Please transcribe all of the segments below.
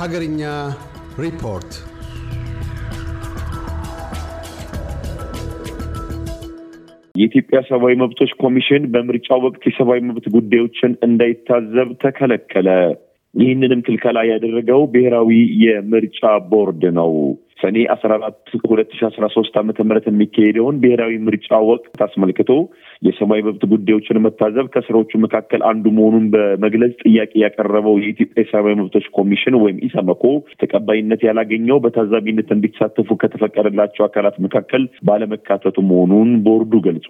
ሀገርኛ ሪፖርት የኢትዮጵያ ሰብአዊ መብቶች ኮሚሽን በምርጫ ወቅት የሰብአዊ መብት ጉዳዮችን እንዳይታዘብ ተከለከለ። ይህንንም ክልከላ ያደረገው ብሔራዊ የምርጫ ቦርድ ነው። ሰኔ አስራ አራት ሁለት ሺ አስራ ሶስት አመተ ምረት የሚካሄደውን ብሔራዊ ምርጫ ወቅት አስመልክቶ የሰብአዊ መብት ጉዳዮችን መታዘብ ከስራዎቹ መካከል አንዱ መሆኑን በመግለጽ ጥያቄ ያቀረበው የኢትዮጵያ የሰብአዊ መብቶች ኮሚሽን ወይም ኢሰመኮ ተቀባይነት ያላገኘው በታዛቢነት እንዲሳተፉ ከተፈቀደላቸው አካላት መካከል ባለመካተቱ መሆኑን ቦርዱ ገልጿል።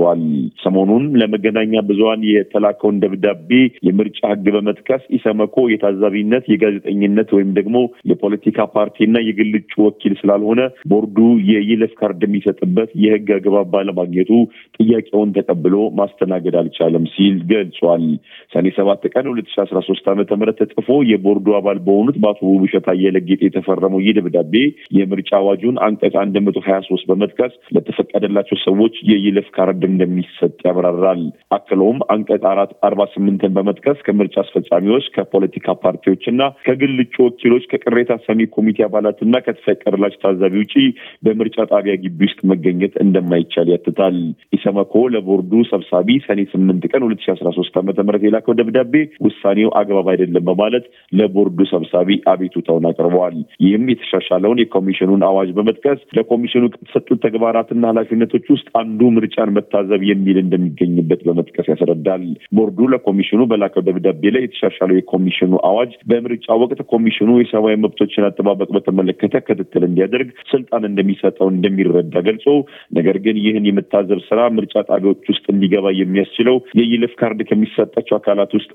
ሰሞኑን ለመገናኛ ብዙሀን የተላከውን ደብዳቤ የምርጫ ህግ በመጥቀስ ኢሰመኮ የታዛቢነት የጋዜጠኝነት ወይም ደግሞ የፖለቲካ ፓርቲና የግል እጩ ወኪል ስላልሆነ ቦርዱ የይለፍ ካርድ የሚሰጥበት የህግ አግባብ ባለማግኘቱ ጥያቄውን ተቀብሎ ብሎ ማስተናገድ አልቻለም ሲል ገልጿል። ሰኔ ሰባት ቀን ሁለት ሺ አስራ ሶስት ዓመተ ምህረት ተጽፎ የቦርዱ አባል በሆኑት በአቶ ውብሸት አየለ ጌጤ የተፈረመው ይህ ደብዳቤ የምርጫ አዋጁን አንቀጽ አንድ መቶ ሀያ ሶስት በመጥቀስ ለተፈቀደላቸው ሰዎች የይለፍ ካርድ እንደሚሰጥ ያብራራል። አክለውም አንቀጽ አራት አርባ ስምንትን በመጥቀስ ከምርጫ አስፈጻሚዎች፣ ከፖለቲካ ፓርቲዎች ከግል እጩ ወኪሎች፣ ከቅሬታ ሰሚ ኮሚቴ አባላት እና ከተፈቀደላቸው ታዛቢ ውጪ በምርጫ ጣቢያ ግቢ ውስጥ መገኘት እንደማይቻል ያትታል። ኢሰመኮ ለቦርዱ ሰብሳቢ ሰኔ ስምንት ቀን ሁለት ሺ አስራ ሶስት ዓመተ ምህረት የላከው ደብዳቤ ውሳኔው አግባብ አይደለም በማለት ለቦርዱ ሰብሳቢ አቤቱታውን አቅርበዋል። ይህም የተሻሻለውን የኮሚሽኑን አዋጅ በመጥቀስ ለኮሚሽኑ ከተሰጡት ተግባራትና ኃላፊነቶች ውስጥ አንዱ ምርጫን መታዘብ የሚል እንደሚገኝበት በመጥቀስ ያስረዳል። ቦርዱ ለኮሚሽኑ በላከው ደብዳቤ ላይ የተሻሻለው የኮሚሽኑ አዋጅ በምርጫ ወቅት ኮሚሽኑ የሰብአዊ መብቶችን አጠባበቅ በተመለከተ ክትትል እንዲያደርግ ስልጣን እንደሚሰጠው እንደሚረዳ ገልጾ ነገር ግን ይህን የመታዘብ ስራ ምርጫ ጣቢያዎች ውስጥ እንዲገባ የሚያስችለው የይለፍ ካርድ ከሚሰጣቸው አካላት ውስጥ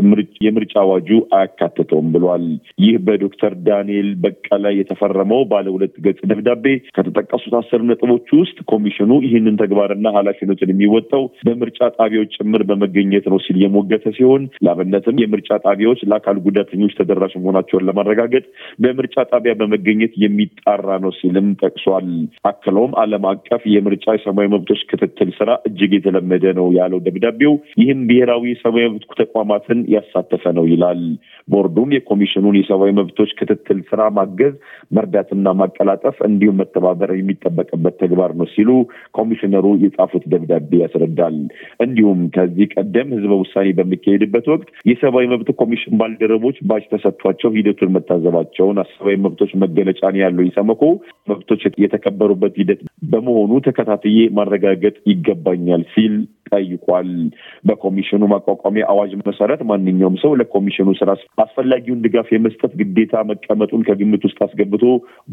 የምርጫ አዋጁ አያካትተውም ብሏል። ይህ በዶክተር ዳንኤል በቀለ የተፈረመው ባለ ሁለት ገጽ ደብዳቤ ከተጠቀሱት አስር ነጥቦች ውስጥ ኮሚሽኑ ይህንን ተግባርና ኃላፊነትን የሚወጣው በምርጫ ጣቢያዎች ጭምር በመገኘት ነው ሲል የሞገተ ሲሆን ለአብነትም የምርጫ ጣቢያዎች ለአካል ጉዳተኞች ተደራሽ መሆናቸውን ለማረጋገጥ በምርጫ ጣቢያ በመገኘት የሚጣራ ነው ሲልም ጠቅሷል። አክለውም ዓለም አቀፍ የምርጫ የሰማዊ መብቶች ክትትል ስራ እጅግ የተለመደ ነው ነው ያለው ደብዳቤው ይህም ብሔራዊ የሰብአዊ መብት ተቋማትን ያሳተፈ ነው ይላል። ቦርዱም የኮሚሽኑን የሰብአዊ መብቶች ክትትል ስራ ማገዝ፣ መርዳትና ማቀላጠፍ እንዲሁም መተባበር የሚጠበቅበት ተግባር ነው ሲሉ ኮሚሽነሩ የጻፉት ደብዳቤ ያስረዳል። እንዲሁም ከዚህ ቀደም ህዝበ ውሳኔ በሚካሄድበት ወቅት የሰብአዊ መብት ኮሚሽን ባልደረቦች ባጅ ተሰጥቷቸው ሂደቱን መታዘባቸውን ሰብአዊ መብቶች መገለጫን ያለው ይሰመኮ መብቶች የተከበሩበት ሂደት በመሆኑ ተከታትዬ ማረጋገጥ ይገባኛል ሲል ጠይቋል። በኮሚሽኑ ማቋቋሚያ አዋጅ መሰረት ማንኛውም ሰው ለኮሚሽኑ ስራ አስፈላጊውን ድጋፍ የመስጠት ግዴታ መቀመጡን ከግምት ውስጥ አስገብቶ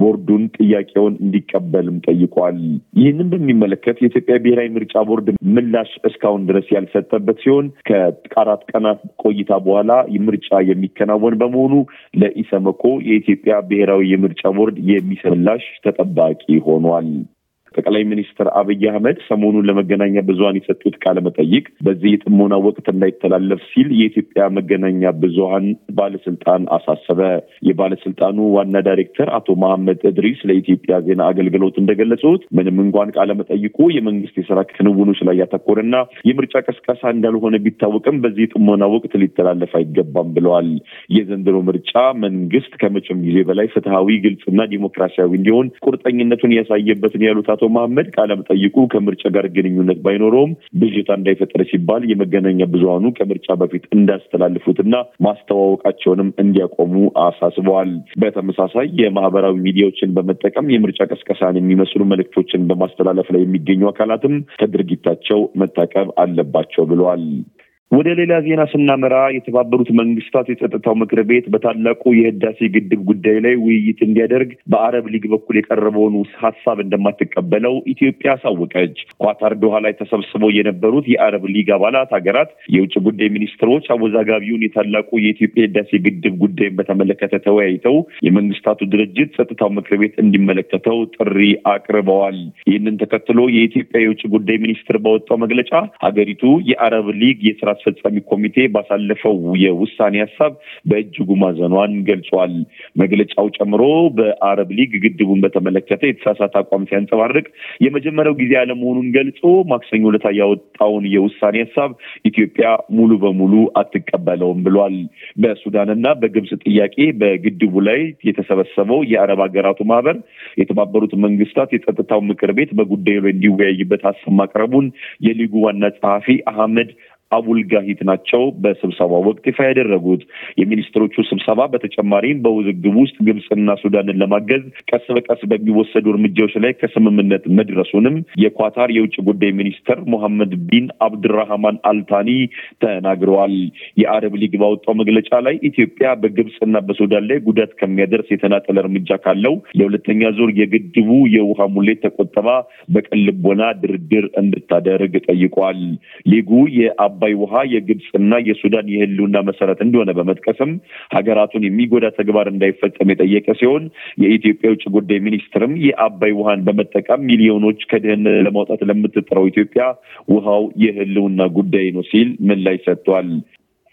ቦርዱን ጥያቄውን እንዲቀበልም ጠይቋል። ይህንን በሚመለከት የኢትዮጵያ ብሔራዊ ምርጫ ቦርድ ምላሽ እስካሁን ድረስ ያልሰጠበት ሲሆን ከአራት ቀናት ቆይታ በኋላ ምርጫ የሚከናወን በመሆኑ ለኢሰመኮ የኢትዮጵያ ብሔራዊ የምርጫ ቦርድ የሚሰጥ ተጠባቂ ሆኗል። ጠቅላይ ሚኒስትር አብይ አህመድ ሰሞኑን ለመገናኛ ብዙሀን የሰጡት ቃለ መጠይቅ በዚህ የጥሞና ወቅት እንዳይተላለፍ ሲል የኢትዮጵያ መገናኛ ብዙሀን ባለስልጣን አሳሰበ። የባለስልጣኑ ዋና ዳይሬክተር አቶ መሐመድ እድሪስ ለኢትዮጵያ ዜና አገልግሎት እንደገለጹት ምንም እንኳን ቃለ መጠይቁ የመንግስት የስራ ክንውኖች ላይ ያተኮረና የምርጫ ቀስቀሳ እንዳልሆነ ቢታወቅም በዚህ የጥሞና ወቅት ሊተላለፍ አይገባም ብለዋል። የዘንድሮ ምርጫ መንግስት ከመቼም ጊዜ በላይ ፍትሐዊ፣ ግልጽና ዲሞክራሲያዊ እንዲሆን ቁርጠኝነቱን ያሳየበትን ያሉት አቶ መሐመድ ጠይቁ ከምርጫ ጋር ግንኙነት ባይኖረውም ብዥታ እንዳይፈጠር ሲባል የመገናኛ ብዙሀኑ ከምርጫ በፊት እንዳስተላልፉትና ማስተዋወቃቸውንም እንዲያቆሙ አሳስበዋል። በተመሳሳይ የማህበራዊ ሚዲያዎችን በመጠቀም የምርጫ ቀስቀሳን የሚመስሉ መልእክቶችን በማስተላለፍ ላይ የሚገኙ አካላትም ከድርጊታቸው መታቀብ አለባቸው ብለዋል። ወደ ሌላ ዜና ስናመራ የተባበሩት መንግስታት የጸጥታው ምክር ቤት በታላቁ የህዳሴ ግድብ ጉዳይ ላይ ውይይት እንዲያደርግ በአረብ ሊግ በኩል የቀረበውን ሀሳብ እንደማትቀበለው ኢትዮጵያ አሳወቀች። ኳታር ዶሃ ላይ ተሰብስበው የነበሩት የአረብ ሊግ አባላት ሀገራት የውጭ ጉዳይ ሚኒስትሮች አወዛጋቢውን የታላቁ የኢትዮጵያ የህዳሴ ግድብ ጉዳይን በተመለከተ ተወያይተው የመንግስታቱ ድርጅት ጸጥታው ምክር ቤት እንዲመለከተው ጥሪ አቅርበዋል። ይህንን ተከትሎ የኢትዮጵያ የውጭ ጉዳይ ሚኒስትር ባወጣው መግለጫ ሀገሪቱ የአረብ ሊግ የስራ አስፈጻሚ ኮሚቴ ባሳለፈው የውሳኔ ሀሳብ በእጅጉ ማዘኗን ገልጿል። መግለጫው ጨምሮ በአረብ ሊግ ግድቡን በተመለከተ የተሳሳተ አቋም ሲያንጸባርቅ የመጀመሪያው ጊዜ አለመሆኑን ገልጾ ማክሰኞ ዕለት ያወጣውን የውሳኔ ሀሳብ ኢትዮጵያ ሙሉ በሙሉ አትቀበለውም ብሏል። በሱዳንና በግብጽ ጥያቄ በግድቡ ላይ የተሰበሰበው የአረብ ሀገራቱ ማህበር የተባበሩት መንግስታት የጸጥታው ምክር ቤት በጉዳዩ ላይ እንዲወያይበት ሀሳብ ማቅረቡን የሊጉ ዋና ጸሐፊ አህመድ አቡልጋሂት ናቸው በስብሰባ ወቅት ይፋ ያደረጉት። የሚኒስትሮቹ ስብሰባ በተጨማሪም በውዝግብ ውስጥ ግብፅና ሱዳንን ለማገዝ ቀስ በቀስ በሚወሰዱ እርምጃዎች ላይ ከስምምነት መድረሱንም የኳታር የውጭ ጉዳይ ሚኒስትር ሞሐመድ ቢን አብድራህማን አልታኒ ተናግረዋል። የአረብ ሊግ ባወጣው መግለጫ ላይ ኢትዮጵያ በግብፅና በሱዳን ላይ ጉዳት ከሚያደርስ የተናጠለ እርምጃ ካለው የሁለተኛ ዙር የግድቡ የውሃ ሙሌት ተቆጠባ በቅን ልቦና ድርድር እንድታደርግ ጠይቋል። ሊጉ የአ አባይ ውሃ የግብፅና የሱዳን የህልውና መሰረት እንደሆነ በመጥቀስም ሀገራቱን የሚጎዳ ተግባር እንዳይፈጸም የጠየቀ ሲሆን የኢትዮጵያ የውጭ ጉዳይ ሚኒስትርም የአባይ ውሃን በመጠቀም ሚሊዮኖች ከድህነት ለማውጣት ለምትጥረው ኢትዮጵያ ውሃው የህልውና ጉዳይ ነው ሲል ምላሽ ሰጥቷል።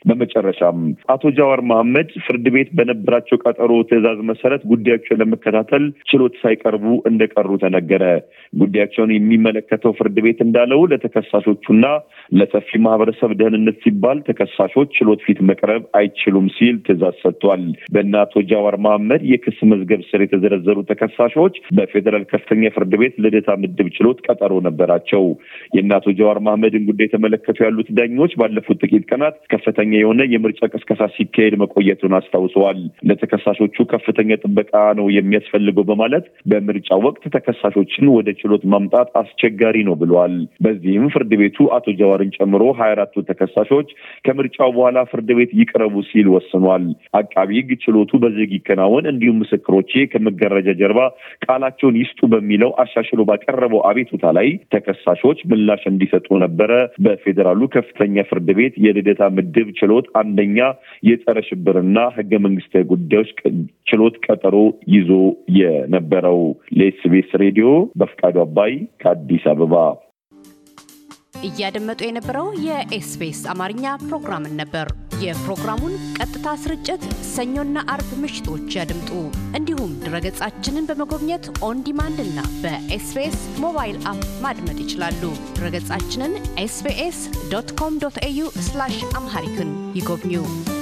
በመጨረሻም አቶ ጃዋር መሐመድ ፍርድ ቤት በነበራቸው ቀጠሮ ትዕዛዝ መሰረት ጉዳያቸውን ለመከታተል ችሎት ሳይቀርቡ እንደቀሩ ተነገረ። ጉዳያቸውን የሚመለከተው ፍርድ ቤት እንዳለው ለተከሳሾቹና ለሰፊ ማህበረሰብ ደህንነት ሲባል ተከሳሾች ችሎት ፊት መቅረብ አይችሉም ሲል ትእዛዝ ሰጥቷል። በእነ አቶ ጃዋር መሐመድ የክስ መዝገብ ስር የተዘረዘሩ ተከሳሾች በፌዴራል ከፍተኛ ፍርድ ቤት ልደታ ምድብ ችሎት ቀጠሮ ነበራቸው። የእነ አቶ ጃዋር መሐመድን ጉዳይ የተመለከቱ ያሉት ዳኞች ባለፉት ጥቂት ቀናት ከፍተኛ የሆነ የምርጫ ቅስቀሳ ሲካሄድ መቆየቱን አስታውሰዋል። ለተከሳሾቹ ከፍተኛ ጥበቃ ነው የሚያስፈልገው በማለት በምርጫ ወቅት ተከሳሾችን ወደ ችሎት ማምጣት አስቸጋሪ ነው ብለዋል። በዚህም ፍርድ ቤቱ አቶ ጀዋርን ጨምሮ ሀያ አራቱ ተከሳሾች ከምርጫው በኋላ ፍርድ ቤት ይቅረቡ ሲል ወስኗል። አቃቢ ህግ ችሎቱ በዝግ ይከናወን፣ እንዲሁም ምስክሮቼ ከመጋረጃ ጀርባ ቃላቸውን ይስጡ በሚለው አሻሽሎ ባቀረበው አቤቱታ ላይ ተከሳሾች ምላሽ እንዲሰጡ ነበረ በፌዴራሉ ከፍተኛ ፍርድ ቤት የልደታ ምድብ ችሎት አንደኛ የጸረ ሽብርና ህገ መንግስታዊ ጉዳዮች ችሎት ቀጠሮ ይዞ የነበረው ለኤስቢኤስ ሬዲዮ በፍቃ ፈቃዱ አባይ ከአዲስ አበባ። እያደመጡ የነበረው የኤስቢኤስ አማርኛ ፕሮግራምን ነበር። የፕሮግራሙን ቀጥታ ስርጭት ሰኞና አርብ ምሽቶች ያድምጡ። እንዲሁም ድረገጻችንን በመጎብኘት ኦን እና በኤስቢኤስ ሞባይል አፕ ማድመጥ ይችላሉ። ድረገጻችንን ኤስቢኤስ ኮም ዶት ኤዩ አምሃሪክን ይጎብኙ።